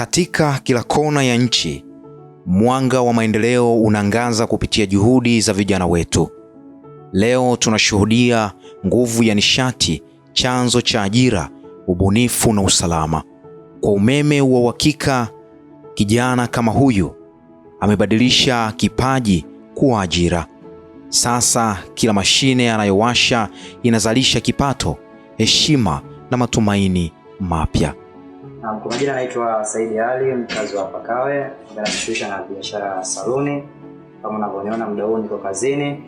Katika kila kona ya nchi, mwanga wa maendeleo unaangaza kupitia juhudi za vijana wetu. Leo tunashuhudia nguvu ya nishati, chanzo cha ajira, ubunifu na usalama. Kwa umeme wa uhakika, kijana kama huyu amebadilisha kipaji kuwa ajira. Sasa kila mashine anayowasha inazalisha kipato, heshima na matumaini mapya. Na kwa majina naitwa Saidi Ali, mkazi wa Pakawe, najishughulisha na biashara ya saluni. Kama unavyoniona muda huu niko kazini.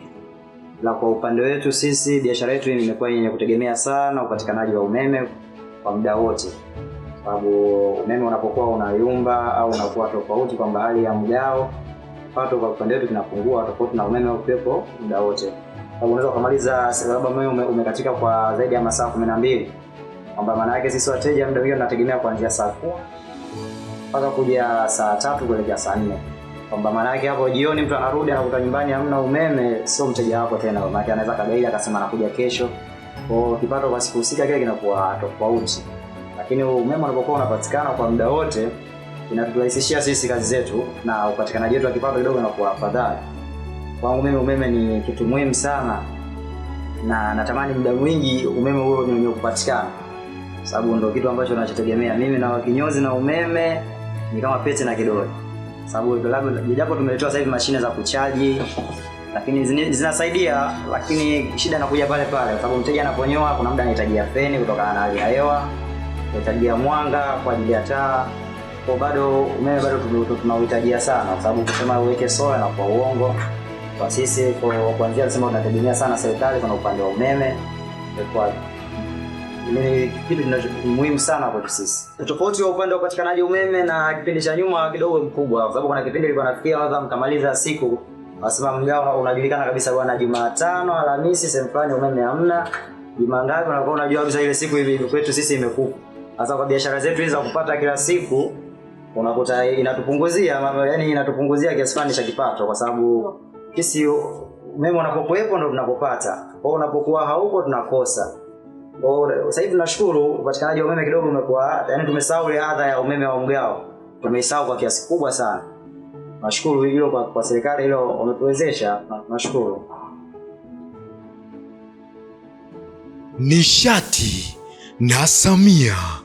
La, kwa upande wetu sisi biashara yetu imekuwa yenye kutegemea sana upatikanaji wa umeme kwa muda wote, sababu umeme unapokuwa unayumba au unakuwa tofauti kwamba hali ya mgao pato kwa upande wetu kinapungua, tofauti na umeme upepo muda wote, sababu unaweza kumaliza labda umeme umekatika kwa zaidi ya masaa 12 kwamba maana yake sisi wateja muda huo tunategemea kuanzia saa kumi mpaka kuja saa tatu kuelekea saa nne kwamba maana yake hapo jioni mtu anarudi anakuta nyumbani hamna umeme, sio mteja wako tena. Maana yake anaweza kagaili akasema anakuja kesho, kwa hiyo kipato kwa siku husika kile kinakuwa tofauti, lakini umeme unapokuwa unapatikana kwa muda wote inaturahisishia sisi kazi zetu na upatikanaji wetu wa kipato kidogo unakuwa afadhali. Kwangu mimi umeme ni kitu muhimu sana, na natamani muda mwingi umeme huo ni wenye kupatikana sababu ndo kitu ambacho nachotegemea mimi na kinyozi na umeme ni kama pete na kidole, sababu japo tumeletewa sasa hivi mashine za kuchaji lakini zinasaidia, lakini shida inakuja pale pale, sababu mteja anaponyoa, kuna muda anahitaji feni kutokana na hali ya hewa, anahitaji mwanga kwa ajili ya taa, kwa bado umeme bado tunauhitajia sana, sababu kusema uweke sola na kwa uongo kwa sisi, kwa kuanzia tunasema tunategemea sana serikali, kwa upande wa umeme kwa ni kitu muhimu sana kwetu sisi. Tofauti wa upande wa upatikanaji umeme na kipindi cha nyuma kidogo mkubwa, kwa sababu kuna kipindi ilikuwa nafikia wadha mkamaliza siku wasema mgao unajulikana kabisa na Jumatano, Alhamisi sehemu fulani umeme hamna, juma unakuwa unajua kabisa ile siku hivi kwetu sisi imekufa. Sasa kwa biashara zetu hizi za kupata kila siku unakuta inatupunguzia, yani inatupunguzia kiasi fulani cha kipato, kwa sababu sisi umeme unapokuwepo ndo tunapopata, kwa unapokuwa hauko tunakosa sasa hivi tunashukuru upatikanaji wa umeme kidogo umekuwa, yani tumesahau ile adha ya umeme wa mgao, tumesahau kwa kiasi kubwa sana. Nashukuru hilo kwa, kwa serikali hilo wametuwezesha, nashukuru. Nishati na Samia.